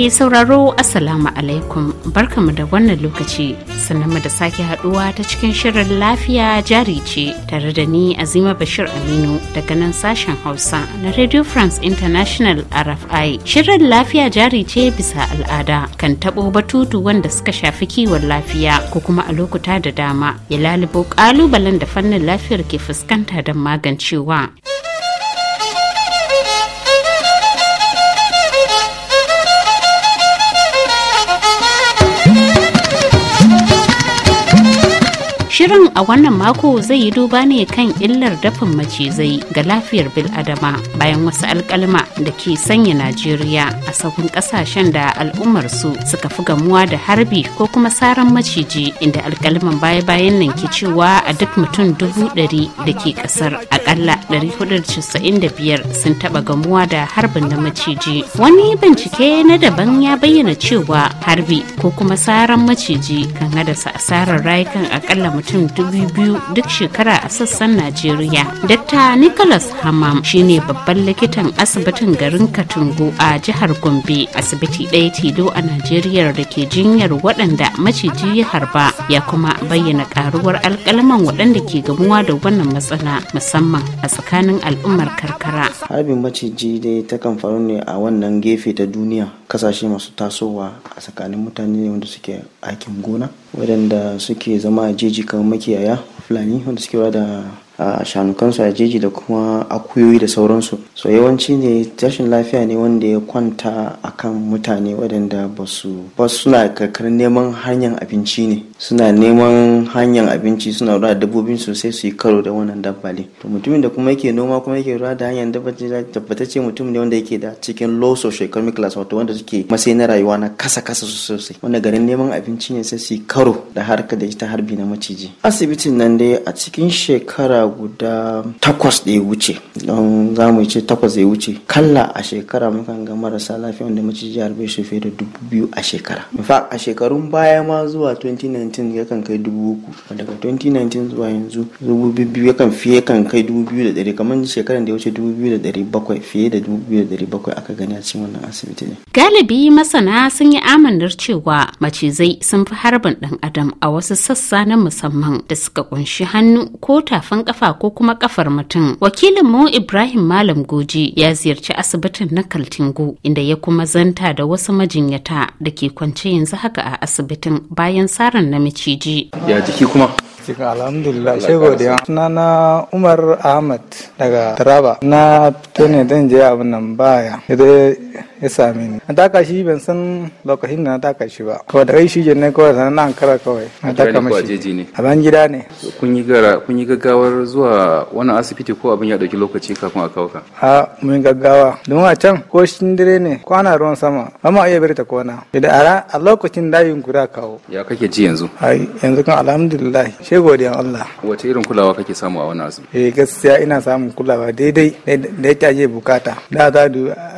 mai sauraro Assalamu alaikum barkamu da wannan lokaci sannan da sake haduwa ta cikin shirin lafiya jari ce tare da ni Azima Bashir Aminu daga nan sashen Hausa na Radio France International RFI. Shirin lafiya jari ce bisa al'ada kan tabo batutu wanda suka shafi kiwon lafiya ko kuma a lokuta da dama ya lalubo kalubalen da fannin lafiyar ke fuskanta don magancewa. Shirin a wannan mako zai yi duba ne kan illar dafin macizai ga lafiyar bil'adama bayan wasu alkalma da ke sanya Najeriya a sabon kasashen da al'ummarsu suka fi gamuwa da harbi ko kuma saran maciji inda alkalman baya-bayan nan ke cewa a duk mutum dubu ɗari da ke ƙasar a akalla 495 sun taba gamuwa da harbin na maciji wani bincike na daban ya bayyana cewa harbi ko kuma saran maciji kan hadasa asarar rayukan akalla mutum biyu duk shekara a sassan najeriya dr nicholas hamam shine babban likitan asibitin garin katungu a jihar gombe asibiti ɗaya tilo a najeriya da ke jinyar waɗanda maciji ya harba ya kuma bayyana karuwar alkalaman waɗanda ke gamuwa da wannan matsala musamman musamman a tsakanin al'ummar karkara. Harbin maciji dai takan faru ne a wannan gefe ta duniya kasashe masu tasowa a tsakanin mutane wanda suke aikin gona waɗanda suke zama a jeji kamar makiyaya fulani wanda suke da a shanukansu a jeji da kuma akuyoyi da sauransu so yawanci ne tashin lafiya ne wanda ya kwanta akan mutane wadanda ba su suna karkar neman hanyar abinci ne suna neman hanyar abinci suna rura dabbobin sosai su yi karo da wannan dabbali to mutumin da kuma yake noma kuma yake ruwa da hanyar dabbaci tabbatacce mutum ne wanda yake da cikin low socio economic class wato wanda suke masai na rayuwa na kasa kasa sosai wanda garin neman abinci ne sai su yi karo da harka da ita harbi na maciji asibitin nan dai a cikin shekara guda takwas da ya wuce don za mu ce takwas da ya wuce kalla a shekara mukan ga marasa lafiya wanda maciji harbe shi fiye da dubu biyu a shekara in a shekarun baya ma zuwa 2019 2019 kan kai dubu daga 2019 zuwa yanzu dubu biyu yakan fiye kan kai dubu biyu da kamar shekaran da ya wuce dubu biyu da bakwai fiye da dubu biyu da bakwai aka gani a cikin wannan asibiti ne. Galibi masana sun yi amanar cewa macizai sun fi harbin dan adam a wasu sassa na musamman da suka kunshi hannu ko tafin kafa ko kuma kafar mutum. Wakilin mu Ibrahim Malam Goji ya ziyarci asibitin na Kaltingo inda ya kuma zanta da wasu majinyata da ke kwance yanzu haka a asibitin bayan tsarin na maciji ya jiki kuma cikin alhamdulillah sai godiya na na umar ahmad daga taraba na fito ne don je abin nan baya Ido ya same ni na taka shi ban san lokacin da na taka shi ba kawai da kai shi ne kawai sanar na ankara kawai na taka mashi a ban gida ne kun yi gaggawar zuwa wani asibiti ko abin ya dauki lokaci kafin a kawo ka a mun gaggawa domin a can ko shi dire ne ko ana ruwan sama ba ma iya bari ta kona idan a lokacin dayin guda kawo ya kake ji yanzu ai yanzu kan alhamdulillah she godiyan Allah wace irin kulawa kake samu a wannan asibiti eh gaskiya ina samun kulawa daidai da yake je bukata da za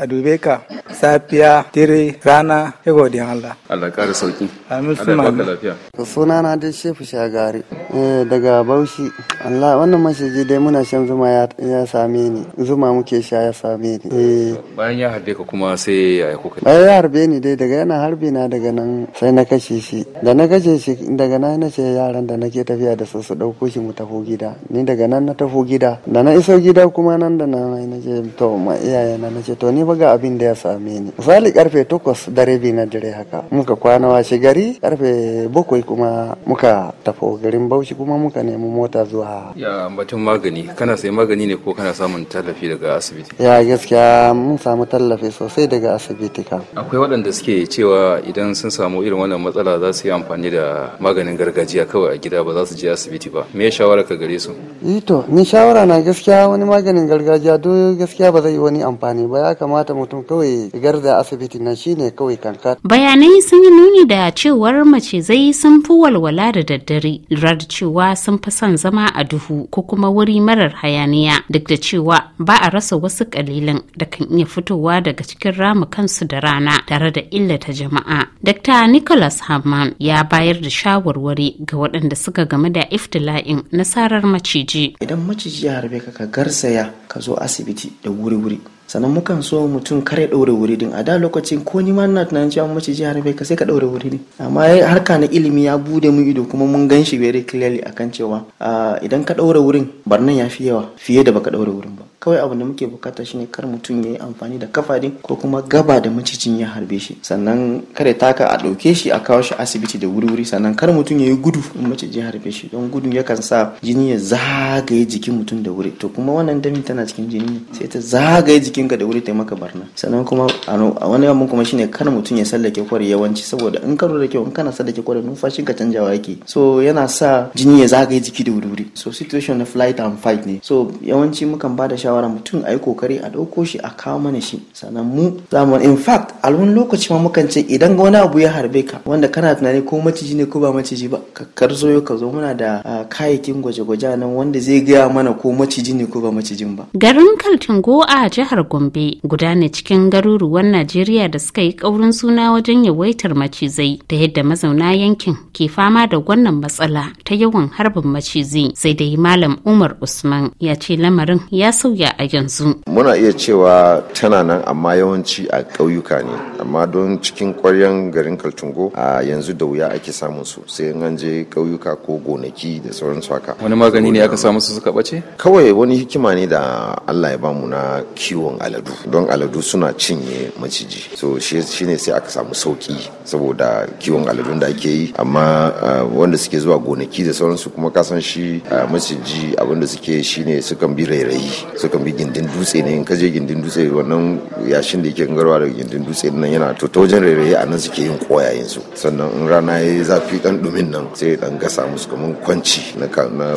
a dube ka safiya dire rana she godiyan Allah Allah ƙara sauki amin su ma lafiya suna na dai shefu shagari eh daga Bauchi Allah wannan mashiji dai muna shan zuma ya same ni zuma muke sha ya same ni eh bayan ya harbe ka kuma sai ya kuka bayan ya harbe ni dai daga yana harbe na daga nan sai na kashe shi da na kashe shi daga nan na ce yaran da nake tafiya da su su ɗauko shi mu tafi gida ni daga nan na tafi gida da na iso gida kuma nan da nan na ce to ma iyaye na ce to ni ba abin da ya same ni misali karfe 8 da rabi na dare haka muka kwana washe gari karfe 7 kuma muka tafi garin Bauchi kuma muka nemi mota zuwa ya batun magani kana sai magani ne ko kana samun tallafi daga asibiti ya gaskiya mun samu tallafi sosai daga asibiti ka akwai waɗanda suke cewa idan sun samu irin wannan matsala za su yi amfani da maganin gargajiya kawai a gida ba za su je asibiti ba me shawara ka gare su eh to ni shawara na gaskiya wani maganin gargajiya do gaskiya ba zai yi wani amfani ba ya kamata mutum kawai garza asibiti na shine kawai kanka bayanai sun yi nuni da cewar mace zai sun fi walwala da daddare lura da cewa sun fi son zama a duhu ko kuma wuri marar hayaniya duk da cewa ba a rasa wasu kalilan da kan iya fitowa daga cikin ramu kansu da rana tare da illata jama'a dr nicholas haman ya bayar da shawarwari ga waɗanda suka game da iftila'in nasarar maciji. Idan maciji ya harbe ka ka garsaya ka zo asibiti da wuri-wuri. sannan mukan so mutum kar ya ɗaure wuri din a da lokacin ko ni ma na tunanin cewa maciji ya harbe ka sai ka ɗaure wuri din amma harka na ilimi ya bude mu ido kuma mun gan shi very clearly akan cewa ah, idan ka ɗaure wurin barnan ya fi yawa fiye da baka ɗaure wurin ba kawai abu da muke bukata shine kar mutum ya yi amfani da kafadin ko kuma gaba da macijin ya harbe shi sannan kare taka a ɗauke shi a kawo shi asibiti da wuri-wuri sannan kar mutum ya yi gudu in macicin ya harbe shi don gudu yakan sa jini ya zagaye jikin mutum da wuri to kuma wannan dami tana cikin jini ne sai ta zagaye jikin ka da wuri ta maka barna sannan kuma a wani yamma kuma shine kar mutum ya sallake kwari yawanci saboda in ka lura kyau in kana sallake kwari numfashin ka canjawa yake so yana sa jini ya zagaye jiki da wuri-wuri so situation na flight and fight ne so yawanci mukan ba da shawara mutum a yi kokari a ɗauko shi a kawo mana shi sannan mu zamu in fact a wani lokaci ma mukan ce idan wani abu ya harbe ka wanda kana tunani ko maciji ne ko ba maciji ba ka zo ka zo muna da ah, kayayyakin gwaje-gwaje nan wanda zai gaya mana ko maciji ne ko ba macijin ba. Garin Kaltingo a jihar Gombe guda ne cikin garuruwan Najeriya da suka yi kaurin suna wajen yawaitar macizai da yadda mazauna yankin ke fama da wannan matsala ta yawan harbin macizai sai dai Malam Umar Usman ya ce lamarin ya sauya a yanzu. Muna iya cewa tana nan amma yawanci a ƙauyuka ne amma don cikin ƙwaryen garin Kaltungo a yanzu da wuya ake samun su sai in an je ƙauyuka ko gonaki da sauran haka. Wani magani ne aka samu su suka ɓace? Kawai wani hikima ne da Allah ya bamu na kiwon aladu don aladu suna cinye maciji so shi ne sai aka samu sauki saboda kiwon aladun da ake yi amma wanda suke zuwa gonaki da sauransu kuma kasan shi maciji abinda suke shi ne sukan bi rairayi bi gindin dutse ne in ka je gindin dutse wannan yashin da yake gangarwa daga gindin dutse nan yana to ta wajen rairaye a nan suke yin koyayen su sannan in rana ya yi zafi dan dumin nan sai dan gasa musu kamar kwanci na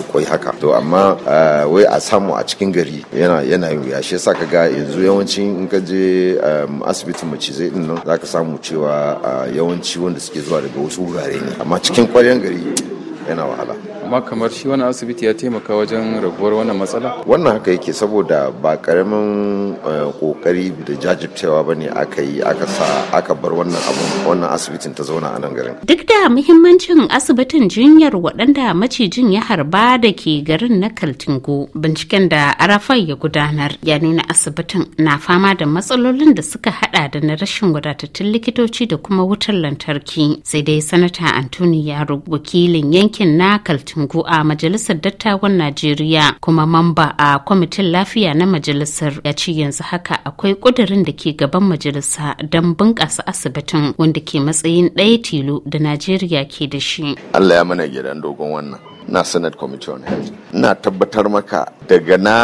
koi haka to amma eh, wai a samu a cikin gari yana yana wuya shi yasa ga yanzu yawanci in ka je eh, asibitin macizai din nan zaka samu cewa eh, yawanci wanda suke zuwa daga wasu wurare ne amma cikin kwaryan gari yana wahala kuma kamar shi wani asibiti ya taimaka wajen raguwar wannan matsala wannan haka yake saboda ba karamin kokari eh, da jajibcewa ba ne aka yi aka sa aka bar wannan abun wannan asibitin ta zauna a nan garin duk da muhimmancin asibitin jinyar waɗanda macijin ya harba da ke garin na kaltingo binciken da arafai ya gudanar ya nuna asibitin na fama da matsalolin da suka hada da na rashin wadatattun likitoci da kuma wutar lantarki sai dai sanata antoni rubu wakilin yankin na kaltingo Tinubu a Majalisar Dattawan Najeriya kuma mamba a kwamitin lafiya na majalisar ya ce yanzu haka akwai ƙudurin da ke gaban majalisa don bunƙasa asibitin wanda ke matsayin ɗaya tilo da Najeriya ke da shi. Allah ya mana gidan dogon wannan. na senate committee on health ina tabbatar maka daga na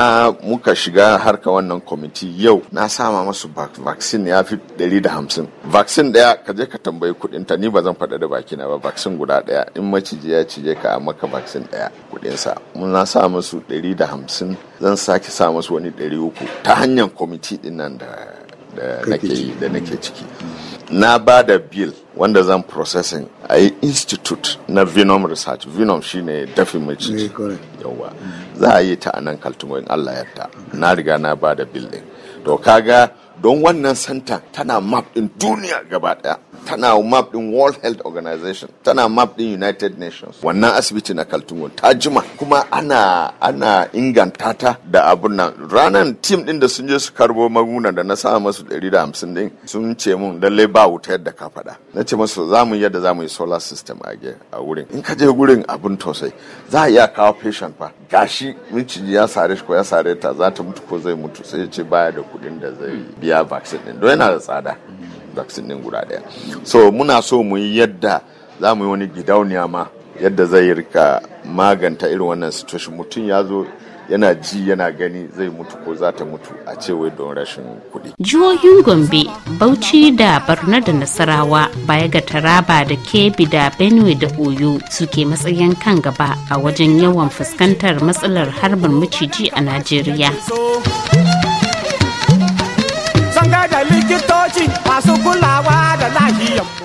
muka shiga harka wannan kwamiti yau na sama masu vaccine ya fi 150 vaccine daya ka je ka tambayi kudin ta ni ba zan faɗa da baki na ba vaccine guda ɗaya in maciji ya cije ka maka vaccine ɗaya kudin sa mun na sa musu 150 zan sake sa musu wani 300 ta hanyar kwamiti din nan da da nake yi da nake ciki na ba da bill wanda zan processing a yi institute na venom research venom shine dafin mai ciki eh, yawa za a yi ta anan kaltungo in allah ta na riga na ba da bill din to kaga don wannan santa tana map din duniya gaba daya tana map din world health organization tana map din united nations wannan asibiti na kaltungo ta jima kuma ana ana inganta ta da abun nan ranan team din da sun je su karbo maguna da na sa masu 150 din sun ce mun lallai ba wuta yadda ka faɗa na ce masu za mu yadda za mu yi solar system a wurin in ka je gurin abun tosai za a iya kawo patient fa gashi miciji ya sare shi ko ya sare ta za ta mutu ko zai mutu sai ya ce baya da kuɗin da zai biya biya vaccine din don yana da tsada vaccine din guda daya so muna so mu yi yadda za mu yi wani gidauniya ma yadda zai rika maganta irin wannan situation mutum ya zo yana ji yana gani zai mutu ko za ta mutu a cewa don rashin kuɗi. Jihohin Gombe, Bauchi da Barna da Nasarawa baya ga Taraba da Kebbi da Benue da Oyo suke matsayin kan gaba a wajen yawan fuskantar matsalar harbin maciji a Najeriya. masu kulawa da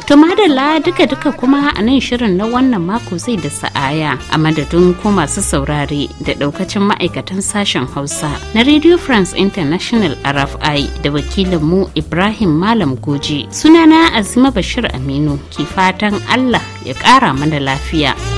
To madalla duka-duka kuma a nan shirin na wannan mako zai da sa'aya a madadin ko masu saurare da daukacin ma'aikatan sashen Hausa na Radio France International RFI da wakilin mu Ibrahim Malam Goji. Sunana Azima Bashir Aminu ke fatan Allah ya ƙara mana lafiya.